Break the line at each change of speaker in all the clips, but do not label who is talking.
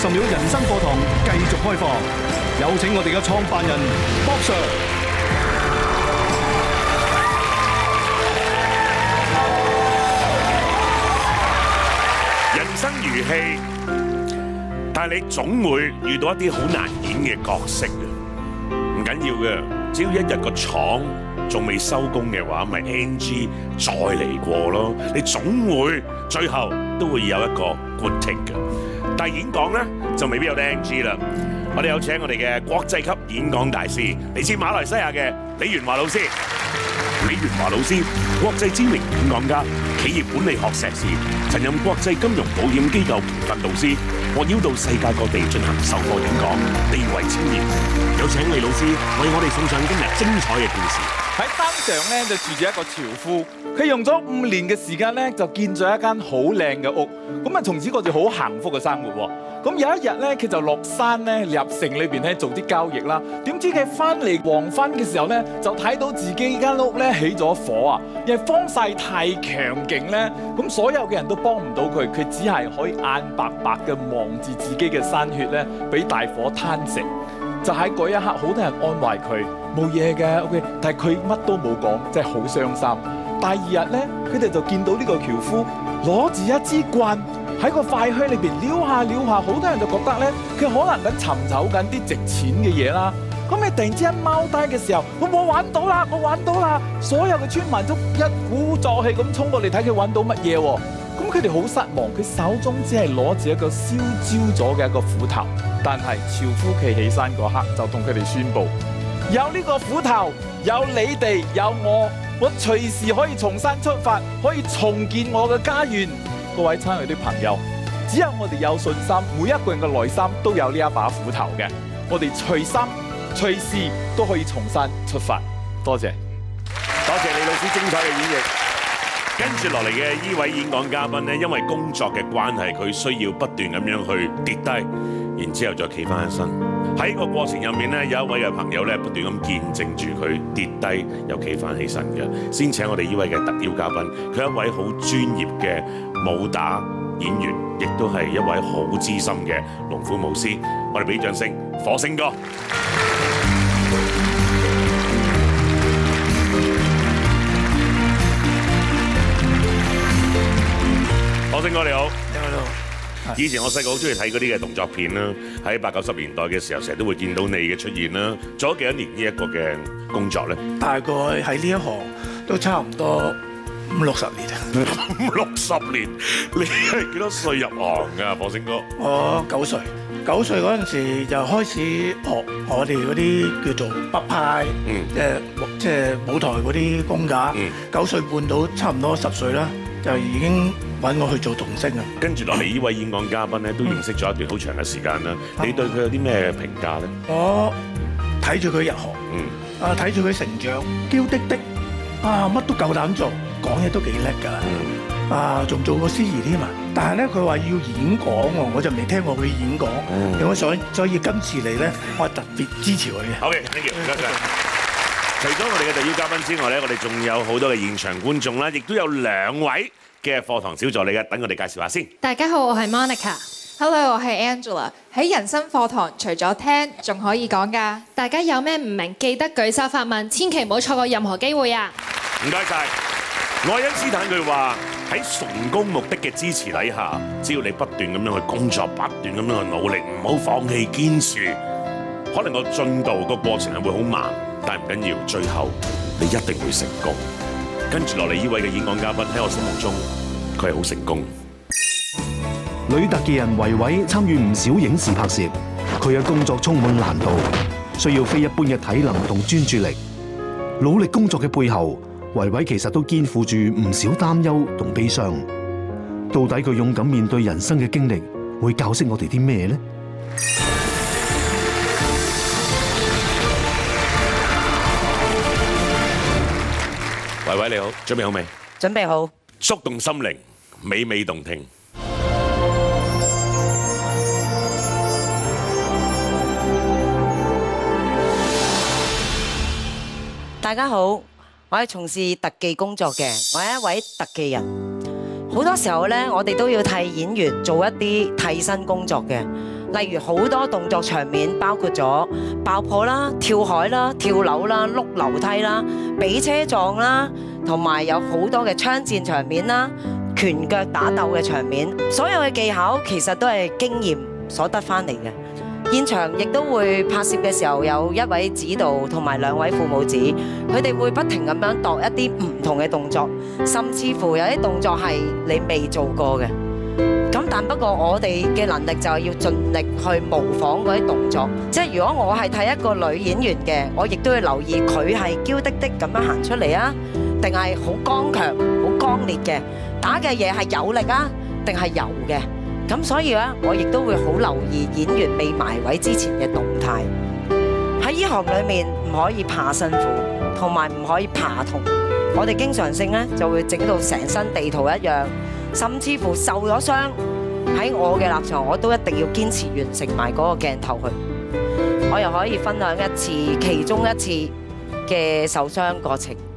十秒人生課堂繼續開課，有請我哋嘅創辦人 Bob Sir。
人生如戲，但係你總會遇到一啲好難演嘅角色嘅，唔緊要嘅，只要一日個廠仲未收工嘅話，咪 NG 再嚟過咯。你總會最後都會有一個 good take 嘅。但係演講咧就未必有得 NG 啦。我哋有請我哋嘅國際級演講大師，嚟自馬來西亞嘅李炫華老師。李炫華老師，國際知名演講家，企業管理學碩士，曾任國際金融保險機構培訓導師，獲邀到世界各地
進行授課演講，地位尊嚴。有請李老師為我哋送上今日精彩嘅故事。喺山上咧就住住一個樵夫。佢用咗五年嘅時間咧，就建咗一間好靚嘅屋，咁啊，從此過住好幸福嘅生活。咁有一日咧，佢就落山咧入城裏邊咧做啲交易啦。點知佢翻嚟黃昏嘅時候咧，就睇到自己間屋咧起咗火啊！因為風勢太強勁咧，咁所有嘅人都幫唔到佢，佢只係可以眼白白嘅望住自己嘅心血咧，俾大火吞噬。就喺嗰一刻，好多人安慰佢冇嘢嘅，OK，但係佢乜都冇講，即係好傷心。第二日咧，佢哋就見到呢個樵夫攞住一支棍喺個廢墟裏邊撩下撩下，好多人就覺得咧，佢可能喺尋找緊啲值錢嘅嘢啦。咁你突然之間踎低嘅時候，我我揾到啦，我揾到啦！所有嘅村民都一鼓作氣咁衝過嚟睇佢揾到乜嘢。咁佢哋好失望，佢手中只係攞住一個燒焦咗嘅一個斧頭。但係樵夫企起身嗰刻，就同佢哋宣布：有呢個斧頭，有你哋，有我。我隨時可以重新出發，可以重建我嘅家園。各位親愛的朋友，只有我哋有信心，每一個人嘅內心都有呢一把斧頭嘅。我哋隨心隨時都可以重新出發。多謝，
多謝李老師精彩嘅演繹。跟住落嚟嘅呢位演講嘉賓呢，因為工作嘅關係，佢需要不斷咁樣去跌低。然之後再企翻起身，喺個過程入面呢，有一位嘅朋友呢，不斷咁見證住佢跌低又企翻起身嘅。先請我哋呢位嘅特邀嘉賓，佢係一位好專業嘅武打演員，亦都係一位好資深嘅龍虎武師。我哋俾掌聲，火星哥。火星哥你好。以前我細個好中意睇嗰啲嘅動作片啦，喺八九十年代嘅時候，成日都會見到你嘅出現啦。做咗幾多年呢一個嘅工作
咧？大概喺呢一行都差唔多五六十年啊！五六十
年，你係幾多歲入行噶，火星哥？
我九歲，九歲嗰陣時就開始學我哋嗰啲叫做北派，即係即係舞台嗰啲功架。九歲半到差唔多十歲啦，就已經。揾我去做童星啊！
跟住落嚟，呢位演講嘉賓咧都認識咗一段好長嘅時間啦。你對佢有啲咩評價咧？
我睇住佢入行，啊睇住佢成長，嬌滴滴，啊乜都夠膽做，講嘢都幾叻㗎。啊，仲做過司儀添啊！但係咧，佢話要演講喎，我就未聽過佢演講。咁我想，所以今次嚟咧，我係特別支持佢嘅。好，thank
you，唔該。除咗我哋嘅特邀嘉賓之外咧，我哋仲有好多嘅現場觀眾啦，亦都有兩位。嘅課堂小助理嘅，等我哋介紹下先。
大家好，我係 Monica。Hello，我係 Angela。喺人
生課堂，除咗聽，仲可以講㗎。大家有咩唔明，記得舉手發問，千祈唔好錯過任何機會啊！
唔該晒！愛因斯坦佢話：喺崇高目的嘅支持底下，只要你不斷咁樣去工作，不斷咁樣去努力，唔好放棄堅持。可能個進度個過程係會好慢，但係唔緊要，最後你一定會成功。跟住落嚟呢位嘅演講嘉賓喺我心目中，佢係好成功的。
女特技人慧慧參與唔少影視拍攝，佢嘅工作充滿難度，需要非一般嘅體能同專注力。努力工作嘅背後，慧慧其實都肩負住唔少擔憂同悲傷。到底佢勇敢面對人生嘅經歷，會教識我哋啲咩呢？
各位，你好，準備好未？
準備好。觸動心
靈，美美動聽。
大家好，我係從事特技工作嘅，我係一位特技人。好多時候呢，我哋都要替演員做一啲替身工作嘅，例如好多動作場面，包括咗爆破啦、跳海啦、跳樓啦、碌樓梯啦、俾車撞啦，同埋有好多嘅槍戰場面啦、拳腳打鬥嘅場面，所有嘅技巧其實都係經驗所得返嚟嘅。現場亦都會拍攝嘅時候，有一位指導同埋兩位父母子，佢哋會不停咁樣度一啲唔同嘅動作，甚至乎有啲動作係你未做過嘅。咁但不過我哋嘅能力就係要盡力去模仿嗰啲動作。即係如果我係睇一個女演員嘅，我亦都要留意佢係嬌滴滴咁樣行出嚟啊，定係好剛強、好剛烈嘅，打嘅嘢係有力啊，定係柔嘅。咁所以咧，我亦都會好留意演員未埋位之前嘅動態在。喺呢行裏面唔可以怕辛苦，同埋唔可以怕痛。我哋經常性咧就會整到成身地圖一樣，甚至乎受咗傷。喺我嘅立場，我都一定要堅持完成埋嗰個鏡頭佢。我又可以分享一次其中一次嘅受傷過程。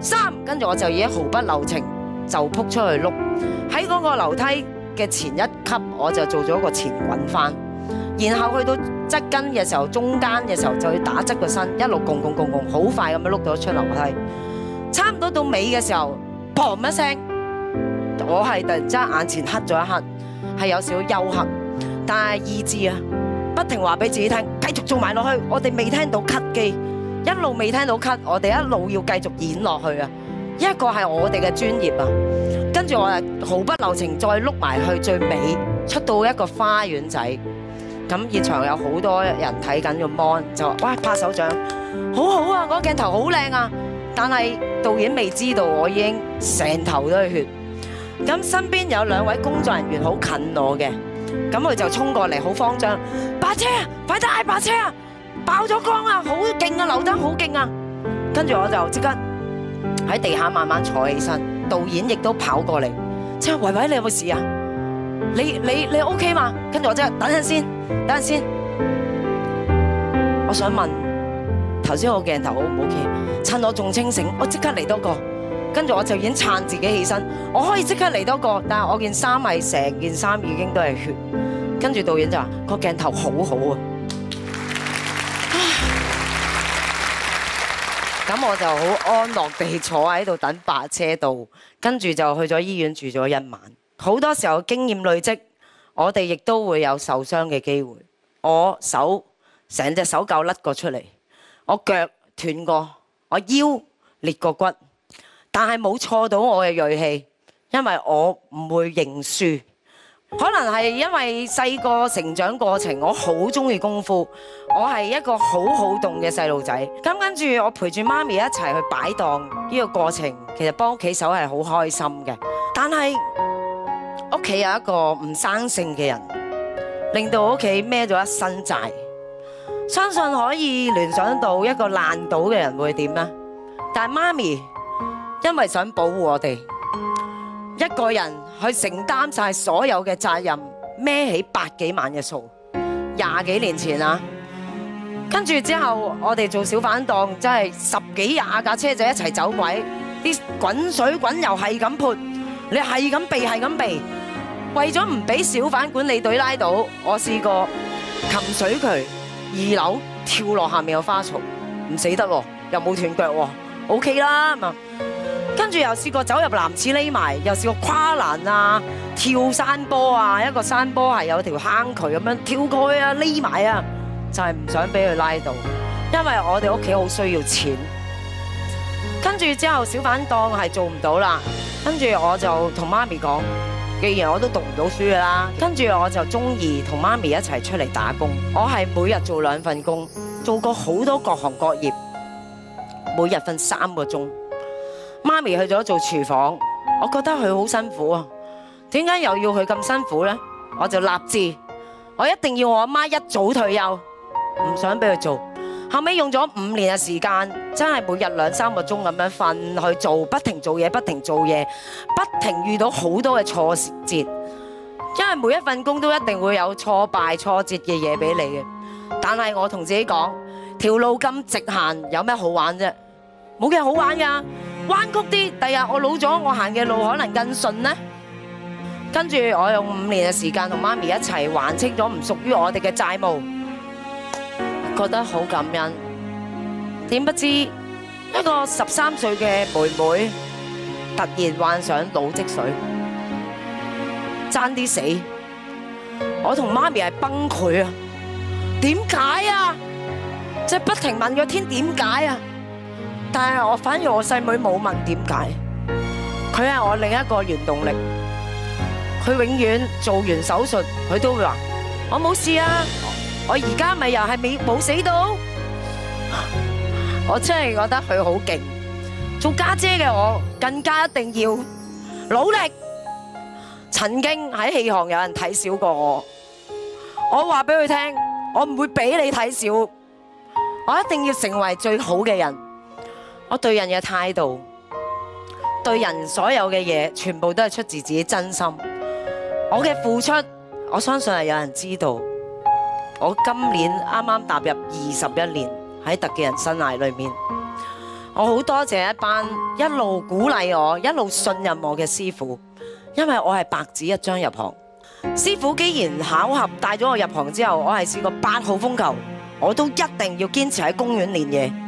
三，跟住我就已經毫不留情就撲出去碌，喺嗰個樓梯嘅前一級我就做咗個前滾翻，然後去到側跟嘅時候，中間嘅時候就要打側個身，一路拱拱拱拱，好快咁樣碌到出樓梯，差唔多到尾嘅時候，砰一聲，我係突然之間眼前黑咗一刻，係有少少休克，但係意志啊，不停話俾自己聽，繼續做埋落去，我哋未聽到 cut 機。一路未聽到咳，我哋一路要繼續演落去啊！一個係我哋嘅專業啊，跟住我就毫不留情再碌埋去最尾，出到一個花園仔。咁現場有好多人睇緊個 mon，就話：哇！拍手掌，好好啊！嗰鏡頭好靚啊！但係導演未知道，我已經成頭都係血。咁身邊有兩位工作人員好近我嘅，咁佢就衝過嚟，好慌張，白車，快啲嗌白車啊！爆咗光啊！好勁啊，劉真好勁啊！跟住我就即刻喺地下慢慢坐起身，導演亦都跑過嚟，慧慧，你有冇事啊？你你你 OK 嘛？跟住我即刻，等陣先，等陣先，我想問頭先個鏡頭好唔 OK？趁我仲清醒，我即刻嚟多個，跟住我就已經撐自己起身，我可以即刻嚟多個，但係我件衫係成件衫已經都係血，跟住導演就話個鏡頭好好啊！咁我就好安樂地坐喺度等白車到，跟住就去咗醫院住咗一晚。好多時候經驗累積，我哋亦都會有受傷嘅機會。我手成隻手肘甩過出嚟，我腳斷過，我腰裂過骨，但係冇挫到我嘅銳氣，因為我唔會認輸。可能係因為細個成長過程，我好中意功夫，我係一個好好動嘅細路仔。咁跟住我陪住媽咪一齊去擺檔呢個過程，其實幫屋企手係好開心嘅。但係屋企有一個唔生性嘅人，令到屋企孭咗一身債。相信可以聯想到一個爛賭嘅人會點咧？但係媽咪因為想保護我哋，一個人。去承擔晒所有嘅責任，孭起百幾萬嘅數。廿幾年前啊，跟住之後我哋做小販檔，真係十幾廿架車仔一齊走鬼，啲滾水滾油係咁潑，你係咁避係咁避，避，為咗唔俾小販管理隊拉到，我試過擒水渠二樓跳落下，下面有花槽，唔死得喎，又冇斷腳喎，O K 啦。OK。跟住又試過走入男廁匿埋，又試過跨欄啊、跳山坡啊，一個山坡係有條坑渠咁樣跳過去啊、匿埋啊，就係、是、唔想俾佢拉到，因為我哋屋企好需要錢。跟住之後小販檔係做唔到啦，跟住我就同媽咪講，既然我都讀唔到書㗎啦，跟住我就中意同媽咪一齊出嚟打工。我係每日做兩份工，做過好多各行各業，每日瞓三個鐘。媽咪去咗做廚房，我覺得佢好辛苦啊。點解又要佢咁辛苦呢？我就立志，我一定要我阿媽一早退休，唔想俾佢做。後尾用咗五年嘅時間，真係每日兩三個鐘咁樣瞓去做，不停做嘢，不停做嘢，不停遇到好多嘅挫折。因為每一份工都一定會有挫敗、挫折嘅嘢俾你嘅。但係我同自己講，條路咁直行，有咩好玩啫？冇嘅，好玩㗎～彎曲啲，第日我老咗，我行嘅路可能更順呢。跟住我用五年嘅時間同媽咪一齊還清咗唔屬於我哋嘅債務，覺得好感恩。點不知一個十三歲嘅妹妹突然患上腦積水，爭啲死。我同媽咪係崩潰啊！點解啊？即係不停問個天點解啊？但係我反而我細妹冇問點解，佢係我另一個原動力。佢永遠做完手術，佢都會話：我冇事啊，我而家咪又係未冇死到。我真係覺得佢好勁。做家姐嘅我更加一定要努力。曾經喺戲行有人睇小過我，我話俾佢聽：我唔會俾你睇小，我一定要成為最好嘅人。我對人嘅態度，對人所有嘅嘢，全部都係出自自己的真心。我嘅付出，我相信係有人知道。我今年啱啱踏入二十一年喺特技人生涯裏面，我好多謝一班一路鼓勵我、一路信任我嘅師傅，因為我係白紙一張入行。師傅既然巧合帶咗我入行之後，我係試過八號風球，我都一定要堅持喺公園練嘢。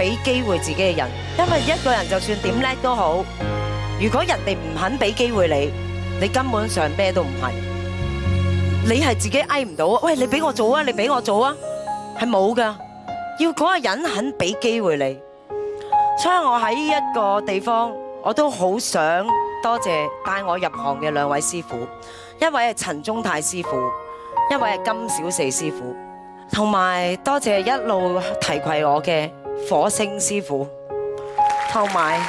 俾機會自己嘅人，因為一個人就算點叻都好，如果人哋唔肯俾機會你，你根本上咩都唔係。你係自己嗌唔到啊！喂，你俾我做啊！你俾我做啊！係冇噶，要嗰個人肯俾機會你。所以我喺呢一個地方，我都好想多謝帶我入行嘅兩位師傅，一位係陳宗泰師傅，一位係金小四師傅，同埋多謝一路提攜我嘅火星師傅，同埋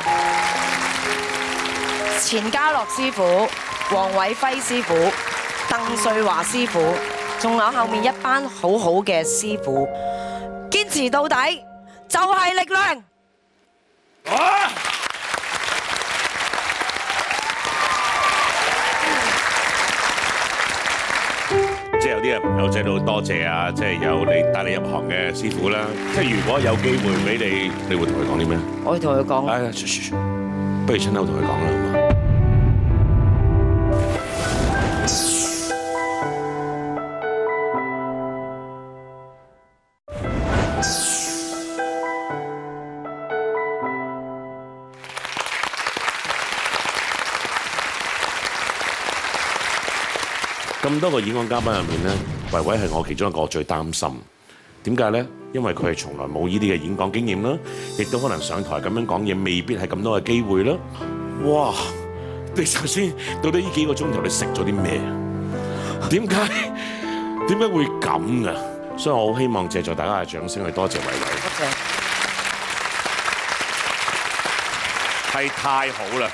錢嘉樂師傅、黃偉輝師傅、鄧瑞華師傅，仲有後面一班好好嘅師傅，堅持到底就係、是、力量。啊
啲啊，有借好多謝啊！即係有你帶你入行嘅師傅啦。即係如果有機會俾你，你會同佢講啲咩？
我會同佢講。哎呀，
不如親口同佢講啦。咁多個演講嘉賓入面咧，慧慧係我其中一個最擔心。點解咧？因為佢係從來冇呢啲嘅演講經驗啦，亦都可能上台咁樣講嘢，未必係咁多嘅機會啦。哇！你首先到底呢幾個鐘頭你食咗啲咩？點解？點解會咁啊？所以我好希望藉助大家嘅掌聲去多謝慧慧。多謝。係太好啦！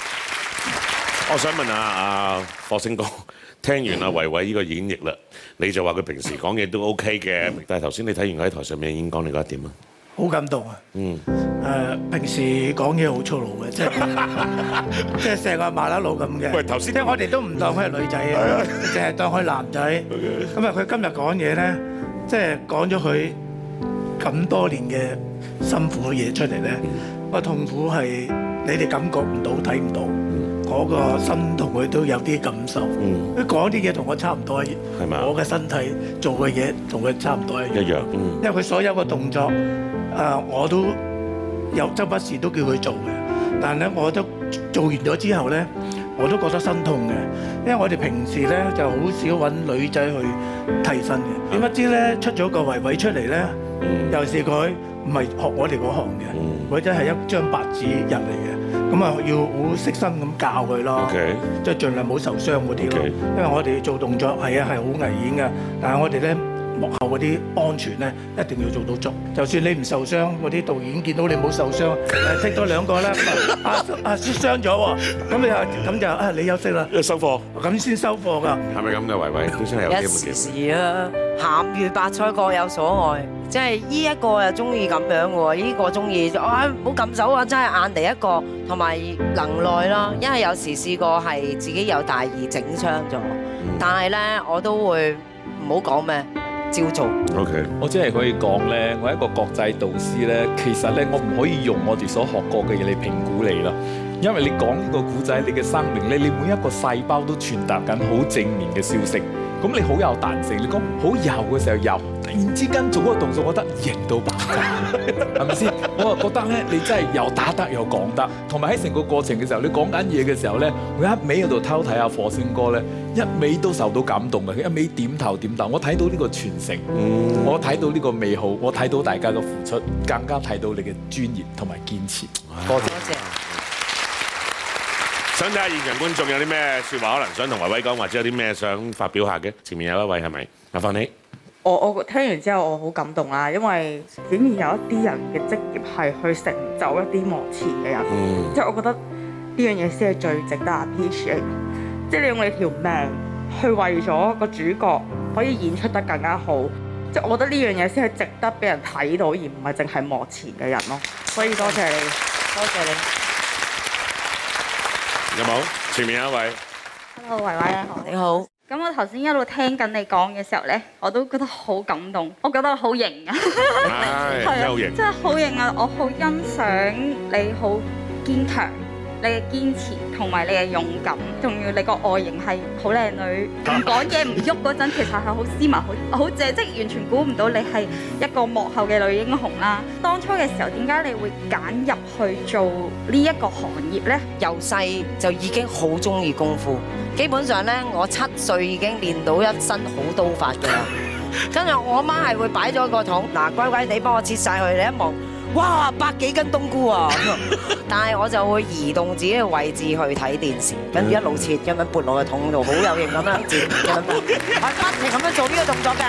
我想問下阿火星哥。聽完阿慧慧呢個演繹啦，你就話佢平時講嘢都 OK 嘅，但係頭先你睇完佢喺台上面嘅演講，你覺得點啊？
好感動啊！嗯，誒平時講嘢好粗魯嘅，即係即係成個麻甩佬咁嘅。喂，頭先聽我哋都唔當佢係女仔啊，淨係當佢係男仔。咁啊，佢今日講嘢咧，即係講咗佢咁多年嘅辛苦嘅嘢出嚟咧，個痛苦係你哋感覺唔到、睇唔到。我個心同佢都有啲感受，佢講啲嘢同我差唔多係嘛，我嘅身體做嘅嘢同佢差唔多一樣，因為佢所有嘅動作，誒我都有周不時都叫佢做嘅，但係咧我都做完咗之後咧，我都覺得心痛嘅，因為我哋平時咧就好少揾女仔去替身嘅，點不知咧出咗個慧慧出嚟咧，又係佢唔係學我哋嗰行嘅，或者係一張白紙入嚟嘅。咁啊，要悉身好悉心咁教佢咯，即係盡量冇受傷嗰啲咯，好的 因為我哋做動作係啊係好危險嘅，但係我哋咧。幕後嗰啲安全咧，一定要做到足。就算你唔受傷，嗰啲導演見到你冇受傷，踢多兩個咧，啊啊，摔傷咗喎！咁你咁就啊，你休息啦，收貨，咁先收貨㗎。係咪
咁啊？慧慧，好似係有啲唔同。一時啊，鹹魚白菜各有所愛，即係呢一個又中意咁樣喎，呢個中意啊，唔好撳手啊，真係眼嚟一個，同埋能耐囉。因為有時試過係自己有大意整傷咗，但係咧我都會唔好講咩。照做。OK，的我只係可以
講咧，我係一個國際導師咧，其實咧，我唔可以用我哋所學過嘅嘢嚟評估你啦。因為你講呢個古仔，你嘅生命咧，你每一個細胞都傳達緊好正面嘅消息。咁你好有彈性，你講好柔嘅時候柔，突然之間做個動作，我覺得贏到爆。係咪先？吧 我啊覺得咧，你真係又打得又講得，同埋喺成個過程嘅時候，你講緊嘢嘅時候咧，我一味喺度偷睇下火星哥咧，一味都受到感動嘅，佢一味點頭點頭。我睇到呢個傳承，我睇到呢個美好，我睇到大家嘅付出，更加睇到你嘅專業同埋堅持。多謝、謝。
謝想睇下現場觀眾有啲咩說話，可能想同慧慧講，或者有啲咩想發表下嘅。前面有一位係咪？麻煩你。
我我聽完之後我好感動啦，因為竟然有一啲人嘅職業係去成就一啲幕前嘅人，即係、嗯、我覺得呢樣嘢先係最值得 appreciate，即係你用你條命去為咗個主角可以演出得更加好，即係我覺得呢樣嘢先係值得俾人睇到，而唔係淨係幕前嘅人咯。所以多謝你，
多謝你。
有冇前面一位
？Hello，喂喂你你好。咁我頭先一路聽緊你講嘅時候呢，我都覺得好感動，我覺得好型啊，係 真係好型啊，我好欣賞你，好堅強。你嘅堅持同埋你嘅勇敢，仲要你個外形係好靚女，唔講嘢唔喐嗰陣，其實係好斯文、好好正，即係完全估唔到你係一個幕後嘅女英雄啦。當初嘅時候，點解你會揀入去做呢一個行業呢？由細就已經好中意功夫，基本上呢，我七歲已經練到一身好刀法嘅啦。跟住我媽係會擺咗個桶，嗱，乖乖，你幫我切晒佢，你一望。哇，百幾斤冬菇啊！但係我就會移動自己嘅位置去睇電視，跟住一路切，跟住撥落個桶度，好有型咁樣切，咁樣係不斷咁樣做呢個動作嘅。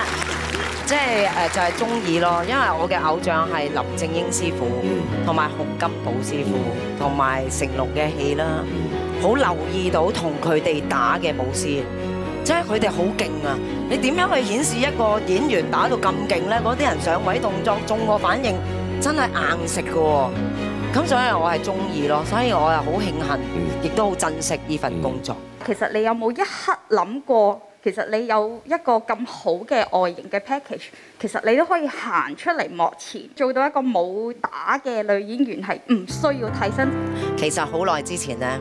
即係誒，就係中意咯，因為我嘅偶像係林正英師傅，同埋洪金寶師傅，同埋成龍嘅戲啦，好留意到同佢哋打嘅武師，即係佢哋好勁啊！你點樣去顯示一個演員打到咁勁咧？嗰啲人上位動作、中個反應真係硬食㗎喎，咁所以我係中意咯，所以我又好慶幸，亦都好珍惜呢份工作。其實你有冇一刻諗過，其實你有一個咁好嘅外形嘅 package，其實你都可以行出嚟幕前做到一個冇打嘅女演員，係唔需要替身。其實好耐之前呢。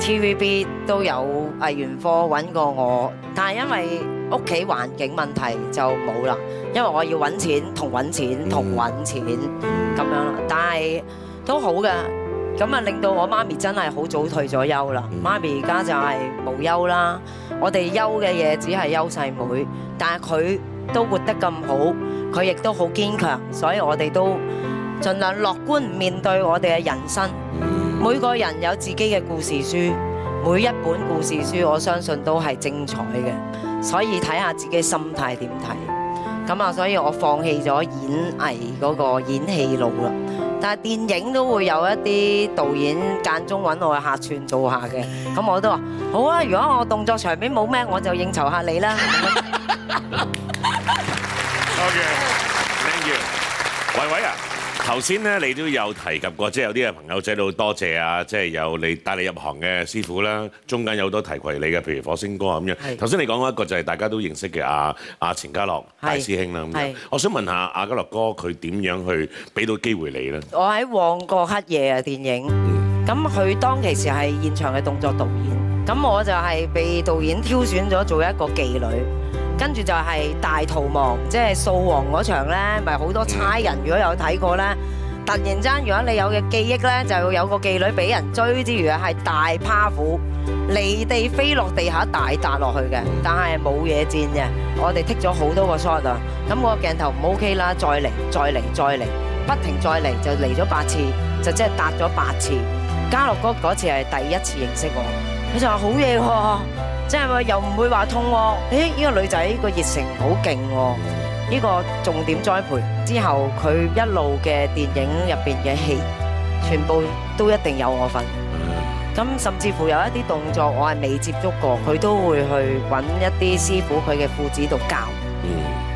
TVB 都有藝員科揾過我，但係因為屋企環境問題就冇啦。因為我要揾錢同揾錢同揾錢咁、嗯、樣啦，但係都好嘅。咁啊令到我媽咪真係好早退咗休啦。媽咪而家就係無休啦。我哋休嘅嘢只係休細妹，但係佢都活得咁好，佢亦都好堅強，所以我哋都盡量樂觀面對我哋嘅人生。每個人有自己嘅故事書，每一本故事書我相信都係精彩嘅，所以睇下自己心態點睇。咁啊，所以我放棄咗演藝嗰個演戲路啦。但係電影都會有一啲導演間中揾我去客串做下嘅，咁我都話好啊。如果我動作場面冇咩，我就應酬下你啦。多謝，thank
you，慧慧啊。頭先咧，你都有提及過，即係有啲嘅朋友仔都多謝啊，即係有你帶你入行嘅師傅啦，中間有好多提攜你嘅，譬如火星哥咁樣。頭先你講嗰一個就係大家都認識嘅阿阿陳家樂大師兄啦。係，我想問下阿家樂哥，佢點樣去俾到機會你咧？
我喺《旺角黑夜》啊，電影，咁佢當其時係現場嘅動作導演，咁我就係被導演挑選咗做一個妓女。跟住就係大逃亡，即係掃黃嗰場呢，咪好多差人。如果有睇過呢，突然間如果你有嘅記憶呢，就會有個妓女俾人追之馀啊，係大趴虎，離地飛落地下，大笪落去嘅，但係冇嘢濺嘅。我哋剔咗好多個 shot 啊，咁個鏡頭唔 ok 啦，再嚟，再嚟，再嚟，不停再嚟，就嚟咗八次，就即係搭咗八次。嘉樂哥嗰次係第一次認識我，佢就話好嘢喎。即係又唔會話痛，誒呢個女仔個熱誠好勁，呢個重點栽培。之後佢一路嘅電影入邊嘅戲，全部都一定有我份。咁甚至乎有一啲動作我係未接觸過，佢都會去搵一啲師傅佢嘅父子度教。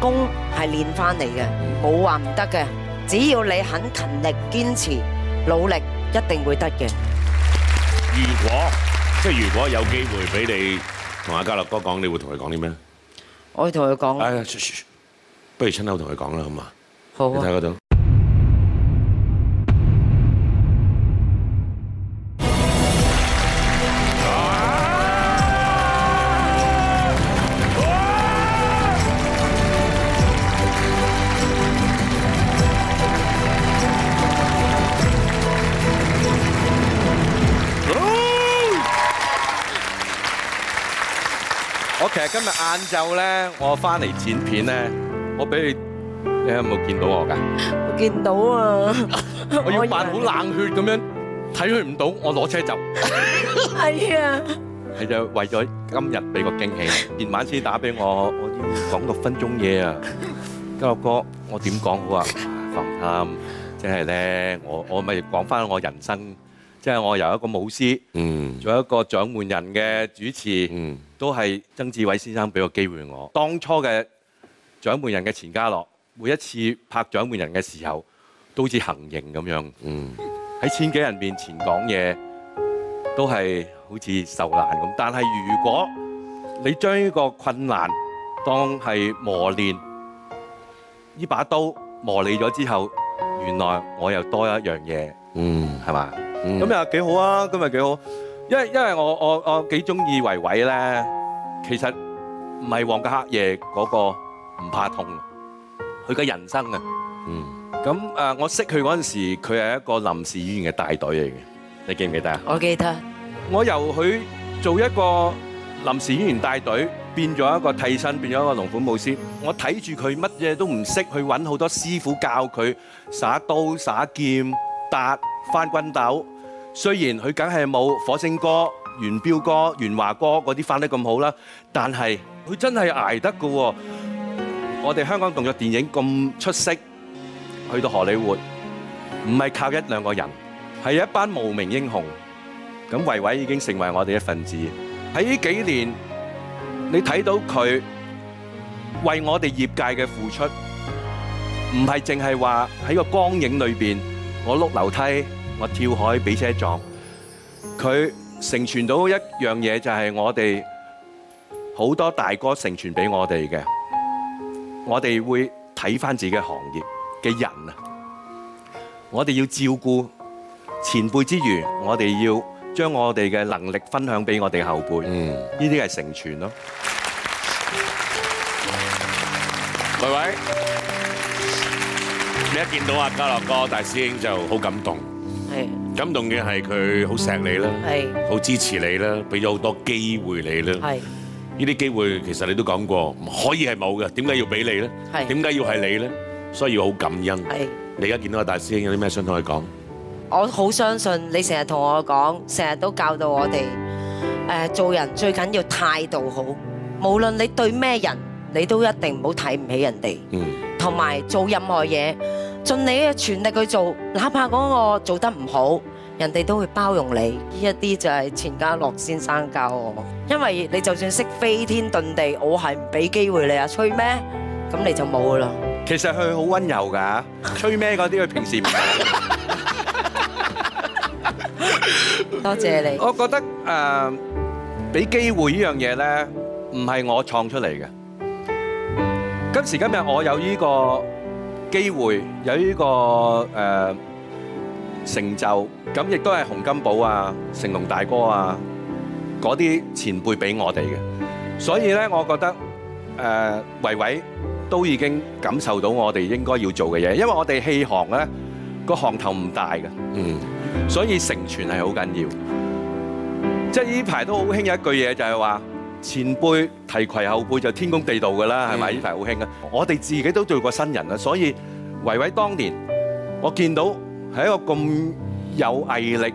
功係練翻嚟嘅，冇話唔得嘅。只要你肯勤力、堅持、努力，一定會得嘅。
如果即係如果有機會俾你。同阿家樂哥講，你會同佢講啲咩？
我會同佢講，不
如親口同佢講啦，好嘛？好，啊。你睇嗰度。
今日晏晝咧，我翻嚟剪片咧，我俾你，你有冇見到我㗎？
我見到啊！我要扮好
冷血咁樣，睇佢唔到，我攞車走。
係啊！
係就為咗今日俾個驚喜，夜晚先打俾我，我要講六分鐘嘢啊！嘉樂哥，我點講好啊？放心，即係咧，我我咪講翻我人生。即係我由一個武師，做一個獎門人嘅主持，嗯、都係曾志偉先生俾個機會我。當初嘅獎門人嘅錢嘉樂，每一次拍獎門人嘅時候，都好似行刑咁樣，喺、嗯、千幾人面前講嘢，都係好似受難咁。但係如果你將呢個困難當係磨練，呢把刀磨利咗之後，原來我又多一樣嘢，係嘛、嗯？是吧。咁又幾好啊！今日幾好，因為因為我我我幾鍾意慧慧咧。其實唔係《黃家黑夜》嗰個唔怕痛，佢嘅人生啊。嗯。咁誒，我識佢嗰陣時，佢係一個臨時演員嘅大隊嚟嘅。你記唔記得啊？我記得。我由佢做一個臨時演員大隊，變咗一個替身，變咗一個龍虎武師。我睇住佢乜嘢都唔識，去揾好多師傅教佢耍刀耍劍、打翻筋斗。雖然佢梗係冇火星哥、元彪哥、元華哥嗰啲翻得咁好啦，但係佢真係捱得㗎喎！我哋香港動作電影咁出色，去到荷里活唔係靠一兩個人，係一班無名英雄。咁慧慧已經成為我哋一份子。喺呢幾年，你睇到佢為我哋業界嘅付出，唔係淨係話喺個光影裏面我碌樓梯，我跳海俾車撞，佢成全到一樣嘢，就係我哋好多大哥成全俾我哋嘅，我哋會睇翻自己行業嘅人啊，我哋要照顧前輩之餘，我哋要將我哋嘅能力分享俾我哋後輩，呢啲係成全咯。嗯，慧慧，
你一見到阿嘉樂哥大師兄就好感動。感動嘅係佢好錫你啦，好支持你啦，俾咗好多機會你啦。係，呢啲機會其實你都講過，唔可以係冇嘅，點解要俾你咧？係，點解要係你咧？所以要好感恩。係，你而家見到個大師兄有啲咩想同佢講？
我好相信你成日同我講，成日都教到我哋誒做人最緊要態度好，無論你對咩人，你都一定唔好睇唔起人哋。嗯，同埋做任何嘢。盡你嘅全力去做，哪怕嗰個做得唔好，人哋都會包容你。呢一啲就係錢家樂先生教我，因為你就算識飛天遁地，我係唔俾機會你啊，吹咩？咁你就冇噶啦。其實佢好溫柔噶，吹咩嗰啲佢平時唔。多謝你。
我覺得誒，俾機會呢樣嘢咧，唔係我創出嚟嘅。今時今日我有呢個。機會有呢個誒，成就，咁亦都係洪金寶啊、成龍大哥啊嗰啲前輩俾我哋嘅，所以咧，我覺得誒，慧慧都已經感受到我哋應該要做嘅嘢，因為我哋戲行咧個行頭唔大嘅，嗯，所以承傳係好緊要，即係呢排都好興一句嘢，就係話。前輩提攜後輩就天公地道㗎啦，係咪呢排好興啊？我哋自己都做過新人啦，所以維維當年我見到係一個咁有毅力、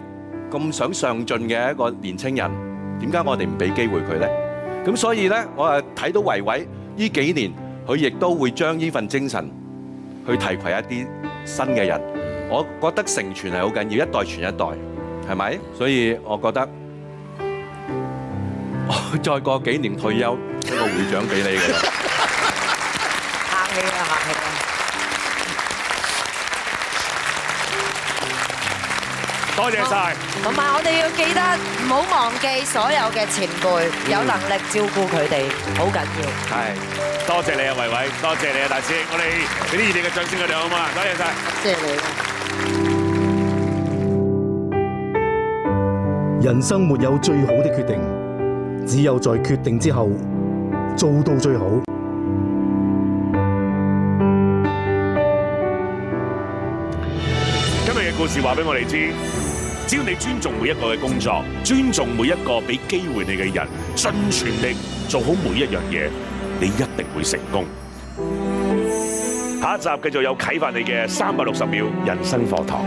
咁想上進嘅一個年青人，點解我哋唔俾機會佢咧？咁所以咧，我係睇到維維呢幾年，佢亦都會將呢份精神去提攜一啲新嘅人。我覺得承傳係好緊要，一代傳一代，係咪？所以我覺得。我再過幾年退休，將個會長俾你嘅。
客氣啦，客氣啦。多謝晒。同埋我哋要記得，唔好忘記所有嘅前輩，有能力照顧佢哋，好緊要。係，
多謝你啊，慧慧，多謝你啊，大師。我哋俾啲熱烈嘅掌聲佢哋好嘛？
多謝晒。
多謝你。
人生沒有最好的決定，只有在決定之後做到最好。
今日嘅故事話俾我哋知，只要你尊重每一個嘅工作，尊重每一個俾機會你嘅人，盡全力做好每一樣嘢，你一定會成功。下一集繼續有啟發你
嘅三百六十秒人生課堂。